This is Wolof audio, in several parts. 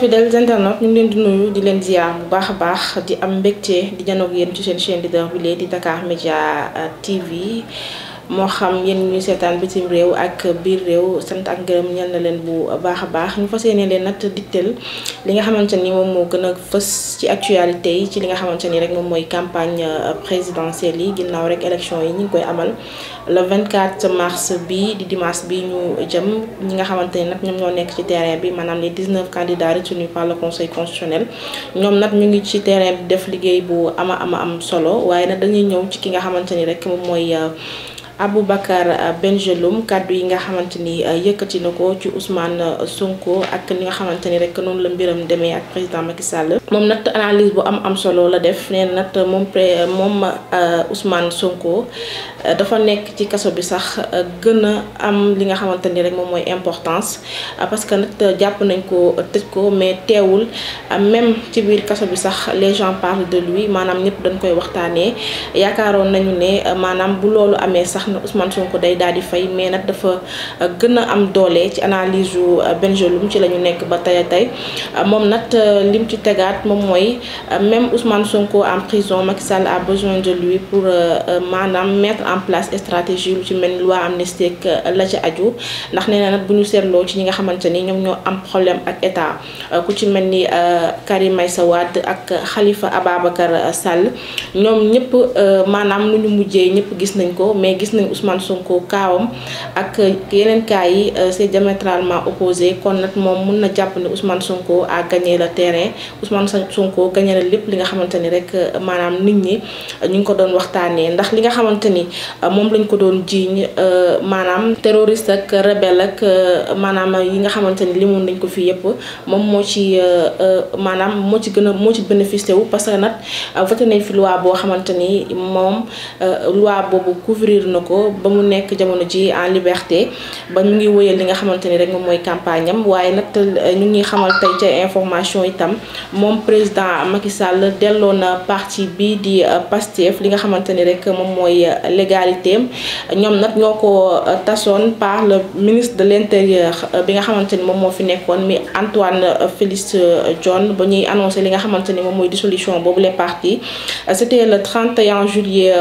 fidèles internautes ñu ngi leen di nuyu di leen ziar bu baax a baax di am mbégte di janoog yéen ci seen chaîne leader bi lee di Dakar Media euh, TV moo xam yéen ñu seetaan bitim réew ak biir réew sant ak ngërëm ñal na leen bu baax a baax ñu fas yéene leen nag digteel li nga xamante ni moom moo gën fës actualité ci li nga xamante ni rek moom mooy campagne euh, présidentielle yi ginnaaw rek élection yi ñu ngi koy amal le 24 mars bi di dimanche bi ñu jëm ñi nga xamante ni nag ñoom ñoo nekk ci terrain bi maanaam les 19 candidats retenus par le conseil constitutionnel ñoom nag ñu ngi ci terrain bi def liggéey bu ama ama am solo waaye nag dañuy ñëw ci ki nga xamante ni rek moom mooy euh, abu benn Bengeloum kàddu yi nga xamante ni euh, yëkkati na ko ci Ousmane euh, Sonko ak ni nga xamante ni rek noonu la mbiram demee ak président Macky Sall moom nag analyse bu am am solo la def neen na moom pré moom euh, Ousmane Sonko dafa nekk ci kaso bi sax gën a am li nga xamante ni rek moom mooy importance parce que nag jàpp nañ ko tëj ko mais teewul même ci biir kaso bi sax les gens parlent de lui maanaam ñëpp dañ koy waxtaanee yaakaaroon nañu ne maanaam bu loolu amee sax. ne Ousmane Sonko day daal di fay mais nag dafa euh, gën a am doole ci analyse yu euh, Bengelum ci la ñu nekk ba tey tey euh, moom nag lim ci tegaat moom mooy même Ousmane Sonko en prison Macky Sall a besoin de lui pour maanaam mettre en place stratégie lu ci mel loi amnistie la ci aju ndax nee na nag bu ñu seetloo ci ñi nga xamante ni ñoom ñoo am problème ak état ku ci mel ni Karim Meïssa Wade ak xalifa Ababacar Sall ñoom ñëpp maanaam lu ñu mujjee ñëpp gis nañ ko mais gis nañ Ousmane Sonko kaawam ak yeneen cas yi euh, c'est diamétralement opposé kon nag moom mun na jàpp ne Ousmane Sonko a le terrain Ousmane Sonko gagné lépp li xamante ni rek euh, maanaam nit ñi euh, ñu ngi ko doon waxtaanee ndax li nga xamante ni moom lañ ko doon jiiñ maanaam terroriste ak rebelle ak maanaam yi nga xamante ni limoon nañ ko fii yëpp moom moo ci maanaam moo ci gën moo ci bénéficié wu parce que nag voté fi loi boo xamante ni moom loi boobu couvrir na na ko ba mu nekk jamono ji en liberté ba mu ngi wëyal li nga xamante ni rek moom mooy campagne am waaye nag euh, ñu ngi xamal tey ci information itam moom président Macky Sall delloo na parti bi di euh, Pastef li nga xamante ni rek moom mooy euh, légalité ñoom nag ñoo ko tasoon par la ministre de l'intérieur bi nga xamante ni moom moo fi nekkoon mi Antoine Félix Diome ba ñuy annoncé li nga xamante ni moom mooy dissolution boobu les partis c'était le 31 juillet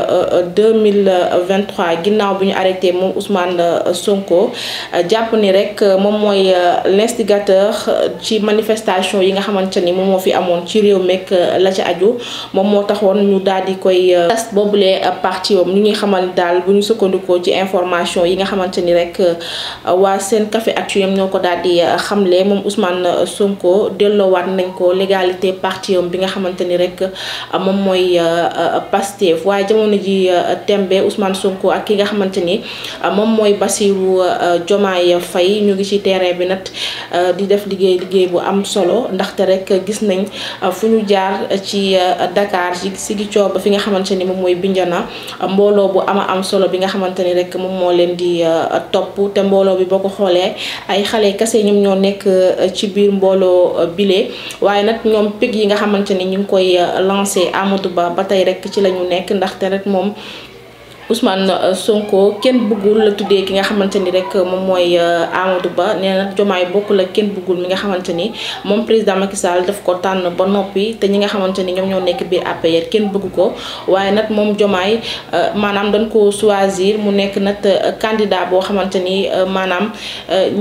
mois ginnaaw bu ñu arrêté moom Ousmane euh, Sonko euh, jàpp ni rek euh, moom mooy l'instigateur ci manifestation yi nga xamante ni moom moo fi amoon ci réew mekk la ci aju moom moo taxoon ñu daal di koy tas boobulee parti am ñu ngi xamal daal bu sukkandikoo ci information yi nga xamante ni rek waa seen café actu yam ko daal di xamle moom Ousmane Sonko delloowaat nañ ko légalité parti bi nga xamante ni rek moom mooy Pastef waaye jamono ji tembe Ousmane Sonko ak ki nga xamante ni euh, moom mooy jomaa euh, Diomaye fay ñu ngi ci terrain bi nag euh, di def liggéey liggéey bu am solo ndaxte rek gis nañ fu ñu jaar ci Dakar ci Ziguinchor fi nga xamante ni moom mooy Bignona mbooloo bu am am solo bi nga xamante ni rek moom moo leen di topp te mbooloo bi boo ko xoolee ay xale kese ñoom ñoo nekk ci biir mbooloo bile waaye nag ñoom pig yi nga xamante ni ñu ngi koy lancé Amadou Ba ba tey rek ci la ñu nekk ndaxte rek moom Ousmane euh, Sonko kenn bëggul la tuddee ki nga xamante ni rek euh, moom mooy euh, Amadou Ba nee na Jomaay bokkul ak kenn bëggul mi nga xamante ni moom président Macky Sall daf ko tànn ba noppi te ñi nga xamante ni ñoom ñoo nekk biir APR kenn bëgg ko waaye nag moom Jomaay maanaam dañ ko soisir mu nekk nag candidat boo xamante ni maanaam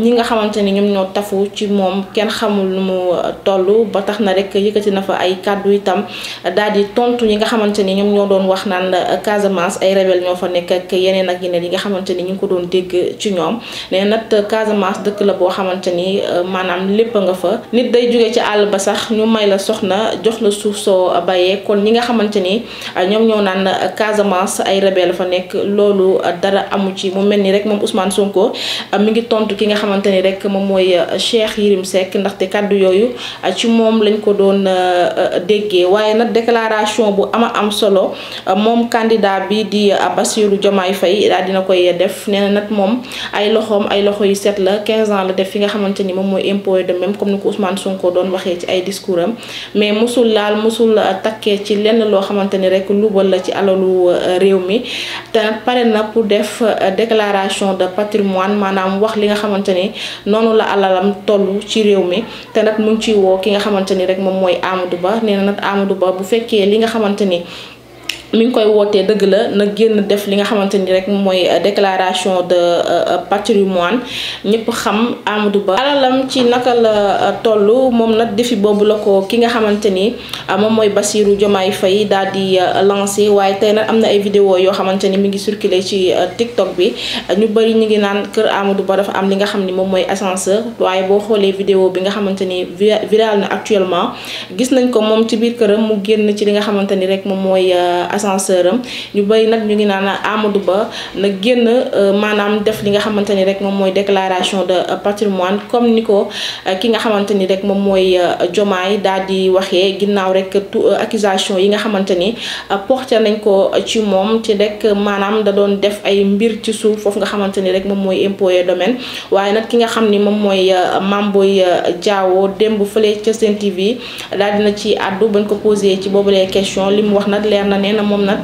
ñi nga xamante ni ñoom ñoo tafu ci moom kenn xamul nu mu toll ba tax na rek yëkkati na fa ay kàddu itam daal di tontu ñi nga xamante ñoom ñoo doon wax naan Casamance ay rebelle ñoo fa nekk ak yeneen ak yeneen yi nga xamante ni ñu ngi ko doon dégg ci ñoom nee nag Casamance dëkk la boo xamante ni euh, maanaam lépp nga fa nit day jóge ci àll ba sax ñu may la soxna jox la suuf soo bayee kon ñi nga xamante ni euh, ñoom ñoo naan euh, Casamance ay rebelle fa nekk loolu dara amu ci mu mel ni rek moom Ousmane Sonko mu ngi tontu ki nga xamante ni rek moom mooy Cheikh Yérim Seck ndaxte kàddu yooyu ci moom lañ ko doon déggee waaye nag déclaration bu am solo Bassirou Diomaye Faye daal dina koy def nee na nag moom ay loxoom ay loxo yu set la 15 ans la def fi nga xamante ni moom mooy impôt de même comme ni ko Ousmane Sonko doon waxee ci ay discours am mais mosul laal musul takkee ci lenn loo xamante ni rek ba la ci alalu euh, réew mi te pare na pour def euh, déclaration de patrimoine maanaam wax li nga xamante ni noonu la alalam toll ci réew mi te nag mu ngi ciy woo ki nga xamante ni rek moom mooy amadu Ba nee na nag Amadou Ba bu fekkee li nga xamante ni mi ngi koy wootee dëgg la na génn def li nga xamante ni rek mooy euh, déclaration de euh, euh, patrimoine ñëpp xam Amadou Ba alalam ci naka la toll moom nag defi boobu la ko ki nga xamante ni moom mooy Bassirou Diomaye fay daal di lancé waaye tey nag am na ay vidéo yoo xamante ni mi ngi circulé ci TikTok bi ñu bëri ñu ngi naan kër amadu Ba dafa am li nga xam ni moom mooy ascenseur waaye boo xoolee vidéo bi nga xamante ni viral na actuellement gis nañ ko moom ci biir këram mu génn ci li nga xamante ni rek moom mooy ascenseur am ñu bëri nag ñu ngi naan Amadou Ba na génn euh, maanaam def li nga xamante ni rek moom mooy déclaration de euh, patrimoine comme ni ko euh, ki nga xamante ni rek moom mooy Jomaay daal di waxee ginnaaw rek tout accusation yi nga xamante ni porté nañ ko ci moom ci rek maanaam da doon def ay mbir ci suuf foofu nga xamante ni rek moom mooy impôt et domaine waaye nag ki nga xam ni moom mooy Mame Boye Diao démb fële ca Sen TV daal dina ci àddu bañ ko posé ci boobulee question li moom nag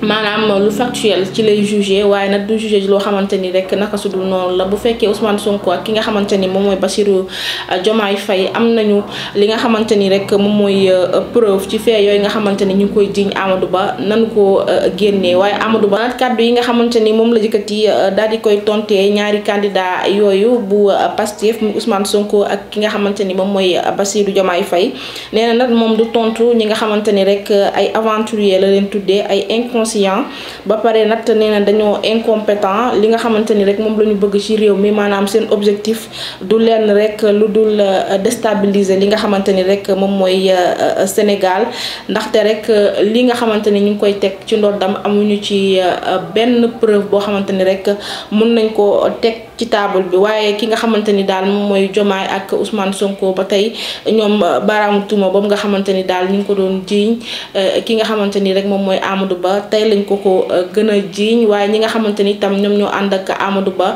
maanaam lu factuel ci lay jugé waaye nag du jugé loo xamante ni rek naka su dul noonu la bu fekkee Ousmane Sonko ak ki nga xamante ni moom mooy Bassirou euh, Diomaye fay am nañu li nga xamante ni rek moom mooy euh, preuve ci fee yooyu nga xamante ni ñu ngi koy jiñ Amadou Ba nanu ko euh, génnee waaye Amadou Ba kàddu yi nga xamante ni moom la jëkkati daal di koy tontee ñaari candidat yooyu bu Pastef mu Sonko ak ki nga xamante ni moom mooy Bassirou Diomaye Faye nee na nag du tontu ñi nga xamante ni rek ay aventurier la leen tuddee ay incons conscient ba pare na dañoo incompétent li nga xamante ni rek moom la ñu bëgg ci réew mi maanaam seen objectif du leen rek lu dul euh, déstabiliser li nga xamante ni rek moom mooy euh, euh, Sénégal ndaxte rek li nga xamante ni ñu ngi koy teg ci ndoddam amuñu ci benn preuve boo xamante ni rek mun nañ ko teg ci table bi waaye ki nga xamante ni daal moom mooy Jomaay ak usmaan Sonko ba tey ñoom baaraamu tuuma boobu nga xamante daal ñu ko doon jiiñ ki nga xamante rek moom mooy Amadou Ba tey lañ ko ko euh, gën a jiiñ waaye ñi nga xamante ni itam ñoom ñoo ànd ak Amadou Ba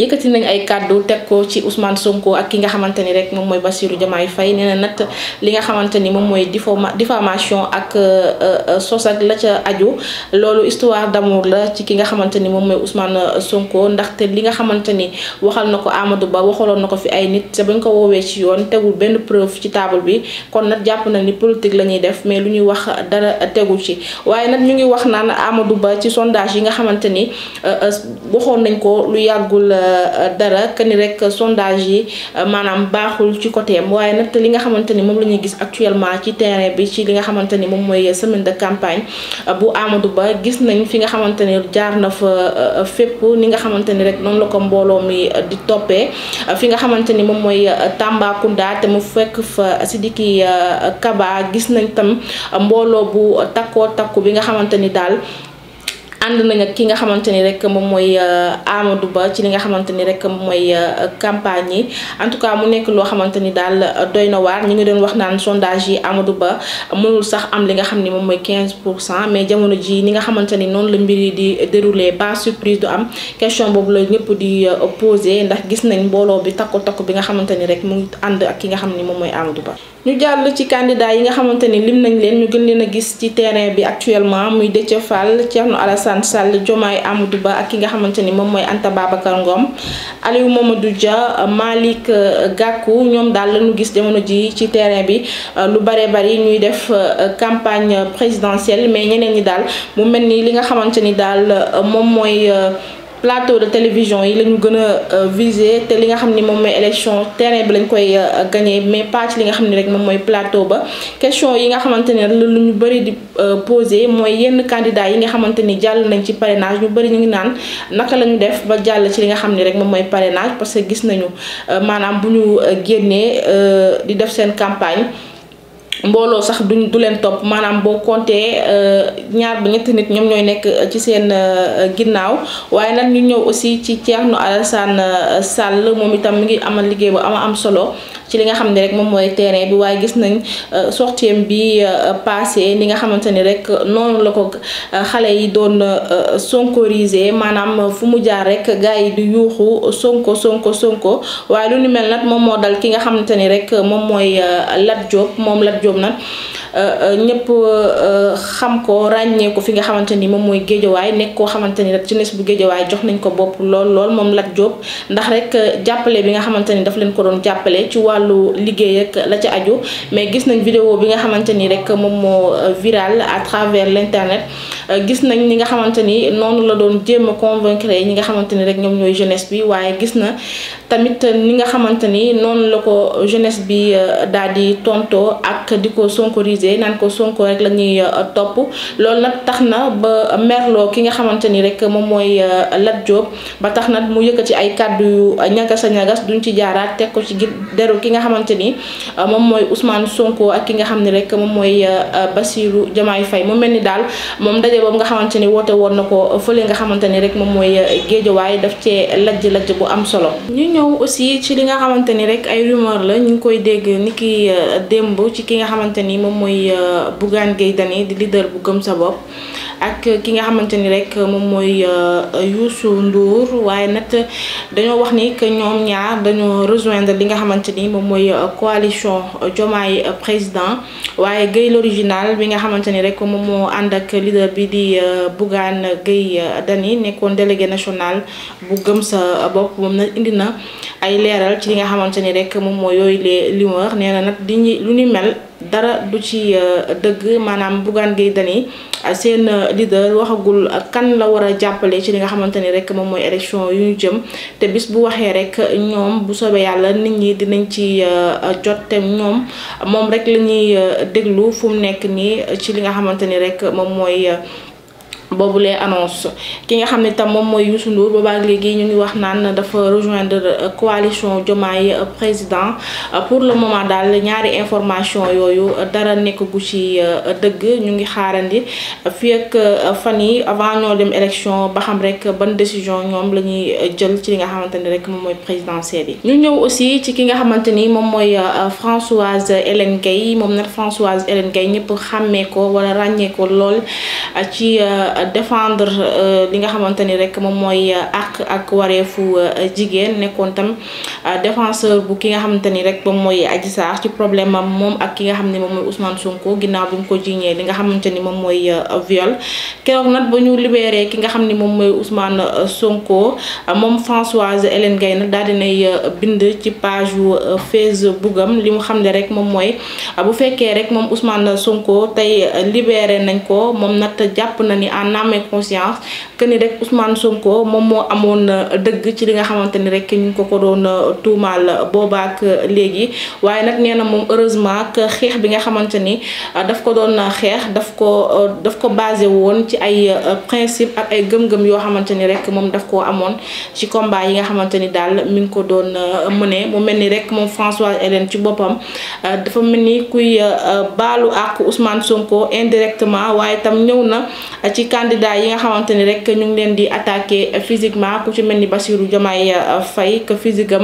yëkkati nañ ay kàddu teg ko ci usman Sonko ak ki nga xamante ni rek moom mooy Bassirou Diomaye fay nee na nag li nga xamante ni moom mooy difama diffamation ak euh, euh, euh, sos ak la ca aju loolu histoire d'amour la ci ki nga xamante ni moom mooy Ousmane Sonko ndaxte li nga xamante ni waxal na ko Amadou Ba waxaloon na ko fi ay nit te bañ ko yoon tegul benn preuve ci table bi kon jàpp na ni politique la ñuy def mais lu ñuy wax dara tegu ci waaye nag ñu ngi wax naan Amadou Ba ci sondage yi nga xamante ni waxoon nañ ko lu yàggul. Euh, dara que ni rek sondage yi euh, maanaam baaxul ci côté waaye nag li nga xamante ni moom la ñuy gis actuellement ci terrain bi ci li nga xamante ni moom mooy semaine de campagne euh, bu Amadou Ba gis nañ fi nga xamante ni jaar na fa fépp ni nga xamante ni rek noonu la ko mbooloo mi di toppee fi nga xamante ni moom mooy Tambacounda te mu fekk fa Sidiki Kaba gis nañ tam mbooloo bu takkoo takku bi nga xamante ni daal ànd nañ ak ki nga xamante ni rek moom mooy euh, amadu Ba ci li nga xamante ni rek moom mooy euh, campagne yi en tout cas mu nekk loo xamante ni daal euh, doy na waar ñu ngi doon wax naan sondage yi amadu Ba mënul sax am li nga xam ni moom mooy 15 pour cent mais jamono ji ni nga xamante ni noonu la mbir yi di déroulé pas surprise du am question boobu la ñëpp di posé ndax gis nañ mbooloo bi takku takku bi nga xamante ni rek mu ànd ak ki nga xam ni moom mooy Amadou Ba. ñu jàll ci candidat yi nga xamante ni lim nañ leen ñu gën leen a gis ci terrain bi actuellement muy Déthié Fall Thierno Alassane Sall Diomaye Amadou Ba ak ki nga xamante ni moom mooy Anta Babacar Ngom Aliou Mamadou Dia Malick euh, gàkku ñoom daal lañu gis jamono ji ci terrain bi euh, lu bare bari ñuy def euh, campagne présidentielle mais ñeneen ñi daal mu mel nii li nga xamante ni daal moom mooy plateau de télévision yi la ñu gën a euh, viser te li nga xam ni moom mooy élection terrain bi lañ koy euh, gagné mais pas li nga xam ni rek moom mooy plateau ba question yi nga xamante ne lu ñu bëri di euh, posé mooy yenn candidat yi nga xamante ni jàll nañ ci parrainage ñu bëri ñu ngi naan naka la ñu def ba jàll ci li nga xam ni rek moom mooy parrainage parce que gis nañu maanaam bu ñu génnee di def seen campagne mbooloo sax duñ du leen topp maanaam boo compter euh, ñaar ba ñetti nit ñoom ñooy nekk euh, ci seen euh, ginnaaw waaye nag ñu ñëw aussi ci Thierno Alassane Sall moom itam mu ngi amal liggéey bu ama am solo ci li nga xam ne rek moom mooy terrain bi waaye gis nañ euh, sortiem bi euh, passé li nga xamante ni rek noonu la ko euh, xale yi doon sonkorisé maanaam fu mu jaar rek gars yi di yuuxu sonko sonko sonko waaye lu ni mel nag moom moo dal ki nga xamante ni rek moom mooy Lat Diop moom Lat Diop nag ñëpp xam ko ràññee ko fi nga xamante ni moom mooy géejawaay nekk koo xamante ni rek jeunesse bu géejawaay jox nañ ko bopp lool lool moom Lat Diop ndax rek jàppale bi nga xamante ni daf leen ko doon jàppale ci waa wàllu liggéey ak la ca aju mais gis nañ vidéo bi nga xamante ni rek moom moo viral à travers l'internet euh, gis nañ ñi nga xamante ni noonu la doon jéem a ñi nga xamante ni rek ñoom ñooy jeunesse bi waaye gis na tamit ni nga xamante ni noonu la ko jeunesse bi euh, daal di tontoo ak di ko sonkoriser naan ko sonko rek lañuy ñuy euh, topp loolu nag tax na ba merloo ki nga xamante ni rek moom mooy Lat Diop ba tax na mu yëkkati ay kàddu yu ñagas a ñagas duñ ci jaaraat teg ko ci deru ki ki nga xamante ni euh, moom mooy usmaan Sonko ak ki nga xam ne rek moom mooy euh, euh, Bassirou Diomaye fay mu mel ni daal moom daje boobu nga xamante ni woote woon na ko fële nga xamante ni rek moom mooy Géejawaay daf cee lajj-lajj bu am solo ñu ñëw aussi ci li nga xamante ni rek ay rumeur la ñu ngi koy dégg ni ki démb ci ki nga xamante ni moom mooy Bougane Gueye Dany di leader bu gëm sa bopp ak ki nga xamante ni rek moom mooy euh, Youssou Ndour waaye nag dañoo wax ni que ñoom ñaar dañoo rejoindre li nga xamante ni moom mooy euh, coalition euh, Diomaye président waaye Gueye l'original bi nga xamante ni rek moom moo ànd ak leader bi di Bougane Gueye Dany nekkoon délégué national bu gëm sa bopp moom nag indi na ay leeral ci li nga xamante ni rek moom mooy yooyu les rumeurs nee na nag di lu ni mel. dara du ci euh, dëgg maanaam Bougane gi dani euh, seen euh, leader waxagul kan la war a jàppale ci li nga xamante ni rek moom mooy élection yu ñu jëm te bis bu waxee rek ñoom bu soobee yàlla nit ñi dinañ ci jot te ñoom moom rek la ñuy déglu fu nekk nii ci li nga xamante ni rek moom mooy. boobu lee annonce ki nga xam ne tam moom mooy Youssou Ndour boobaak léegi ñu ngi wax naan dafa rejoindre euh, coalition Diomaye euh, président euh, pour le moment daal ñaari information yooyu dara nekk gu ci dëgg ñu ngi xaarandi fii ak fan yi avant ñoo dem élection ba xam rek ban décision ñoom la ñuy jël ci li nga xamante ni rek moom mooy présidentielle yi. ñu ñëw aussi ci ki nga xamante ni moom mooy Françoise Hélène Gueye moom nag Françoise Hélène Gueye ñëpp xàmmee ko wala ràññee ko lool ci. défendre euh, li nga xamante ni rek moom mooy euh, àq ak wareefu euh, jigéen nekkoon tam défenseur bu ki nga xamante ni rek moom mooy Adji ci problème am moom ak ki nga xam ne moom mooy Ousmane Sonko ginnaaw bi ko jiiñee li nga xamante ni moom mooy viol keroog nag ba ñu libéré ki nga xam ni moom mooy Ousmane Sonko moom Françoise Hélène Gaye nag daal dinay bind ci page yu Facebook am li mu xam ne rek moom mooy bu fekkee rek moom Ousmane Sonko tey libéré nañ ko moom nag jàpp na ni ànd en âme et conscience que ni rek Ousmane Sonko moom moo amoon euh, dëgg ci li nga xamante ni rek ñu ngi ko ko doon euh, tuumaal euh, boobaak léegi waaye nag nee na moom heureusement que xeex bi nga xamante ni daf ko doon xeex daf ko daf ko basé woon ci ay principe ak ay gëm yoo xamante ni rek moom daf koo amoon ci combat yi nga xamante ni daal mi ngi ko doon mëne mu mel ni rek moom François Hélène ci boppam dafa mel ni kuy baalu àq Ousmane Sonko indirectement waaye tam ñëw na ci candidat yi nga xamante ni rek ñu ngi leen di attaqué physiquement ku ci mel ni basiiru Diomaye fay que physique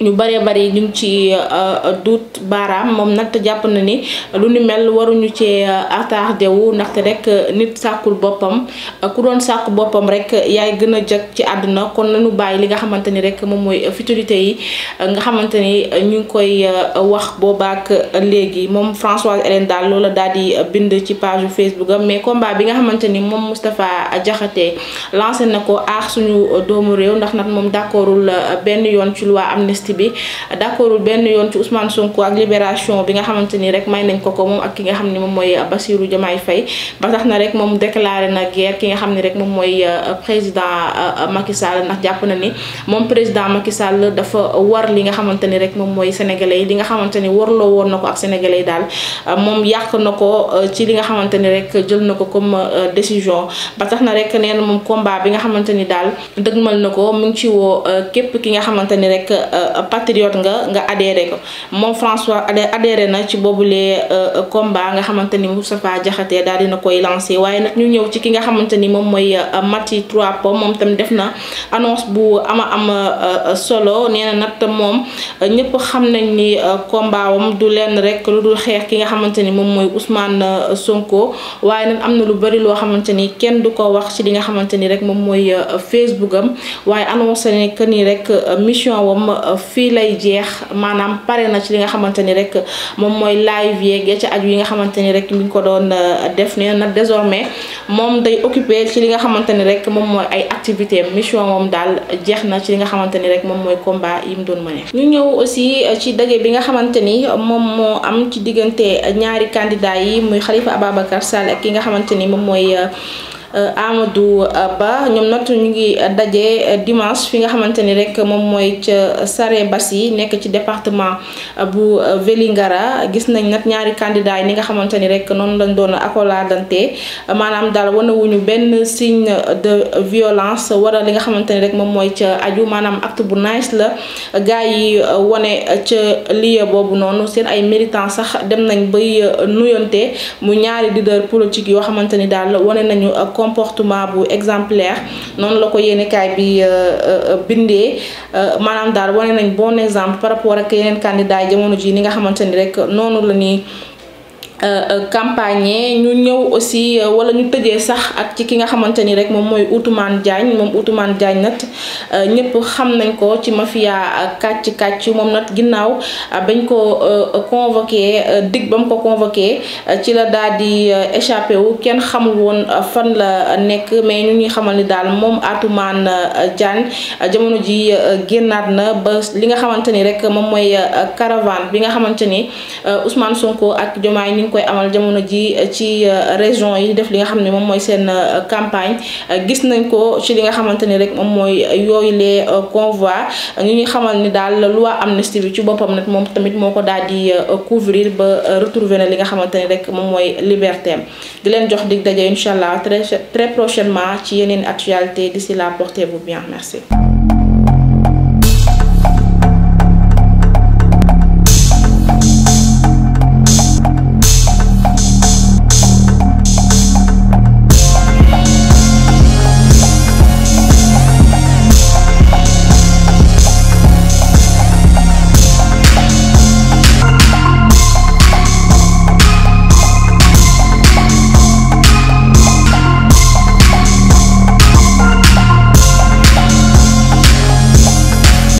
ñu baree bari ñu ngi ci euh, duut baaraam moom nag jàpp na ni lu ni mel waruñu ci euh, attardé wu ndaxte rek euh, nit sàkkul boppam ku doon sàkk boppam rek yaay gën a jag ci àdduna kon nañu bàyyi li nga xamante ni rek moom mooy futilité yi nga xamante ni ñu ngi koy wax boobaak léegi moom Françoise Hélène daal loola daal di bind ci page Facebook am mais combat bi nga xamante ni moom Moustapha jaxate lancé na ko aar suñu doomu réew ndax nag moom d'accordul benn yoon ci loi amnistie liste bi d'accordul benn yoon ci Ousmane Sonko ak libération bi nga xamante ni rek may nañ ko ko moom ak ki nga xam moom mooy euh, président euh, euh, Macky ni moom président Macky Sall dafa war li nga xamante ni rek moom mooy sénégalais yi li nga xamante ni warloo woon na ko ak sénégalais yi daal moom yàq na ko ci li nga xamante rek jël na ko comme décision ba tax na rek nee na moom combat bi nga xamante ni daal dëgmal na ko mu ci woo képp ki nga xamante rek patriote nga nga adhéré ko moom François adhéré na ci boobulee euh, combat nga xamante ni Moustapha Diakhaté daal dina koy lancé waaye nag ñu ñëw ci ki nga xamante ni moom mooy euh, Maty Trois Pommes moom tamit def na annonce bu ama am euh, solo nee na moom ñëpp xam nañ ni combat wam du lenn rek lu dul xeex ki nga xamante ni moom mooy Ousmane Sonko waaye nag am na lu bari loo xamante ni kenn du ko wax ci li nga xamante ni rek moom mooy Facebook am waaye annoncé ne que rek mission fii lay jeex maanaam pare na ci li nga xamante ni rek moom mooy live yeeg ya ca aju yi nga xamante ni rek mi ngi ko doon uh, def nee na désormais moom day occupé ci li nga xamante ni rek moom mooy ay activité mission moom daal jeex na ci li nga xamante ni rek moom mooy combat yi mu doon mëne ñu ñëw aussi uh, ci daje bi nga xamante ni moom moo am ci diggante uh, ñaari candidat yi muy Khalifa Ababacar Sall ak ki nga xamante ni moom mooy Euh, Amadou euh, Ba ñoom nag ñu ngi daje euh, dimanche fi nga xamante ni rek moom mooy ca Sare Bassi nekk ci département bu Vélingara gis nañ nat ñaari candidat yi ni nga xamante ni rek noonu lañ doon accoladante maanaam daal wanewuñu benn signe de violence wala li nga xamante ni rek moom mooy ca aju maanaam acte bu nice la gars yi wane ca lieu boobu noonu seen ay militants sax dem nañ bay nuyonte mu ñaari leader politique yoo xamante daal wane nañu comportement bu exemplaire noonu la ko yéenekaay bi euh, euh, euh, bindee maanaam daal wane nañ bon exemple par rapport ak yeneen candidat yi jamono ji ni nga xamante ni rek noonu la nii Euh, euh, campagne ñu ñëw aussi euh, wala ñu tëjee sax ak ci ki nga xamante ni rek moom mooy Outoumane jaañ moom Outoumane Diagne nag ñëpp xam nañ ko ci mafia kàcc kàcc moom nag ginnaaw bañ ko convoqué dig ba mu ko convoqué ci la daal di échappé wu kenn xamul woon fan la nekk mais ñu ngi xamal ni daal moom Outoumane Diagne jamono ji génnaat na ba li nga xamante ni rek moom mooy caravane bi nga xamante ni Sonko ak Diomaye ngi koy amal jamono ji ci euh, région yi def li nga xam ne moom mooy seen euh, campagne euh, gis nañ ko ci li nga xamante ni rek moom mooy yooyu les convois ñu ñuy xamal ni daal loi amnistie bi ci boppam nag moom tamit moo ko daal di couvrir ba retrouver na li nga xamante ni rek moom mooy liberté di leen jox dig daje incha allah très très prochainement ci yeneen actualité si la portez-vous bien merci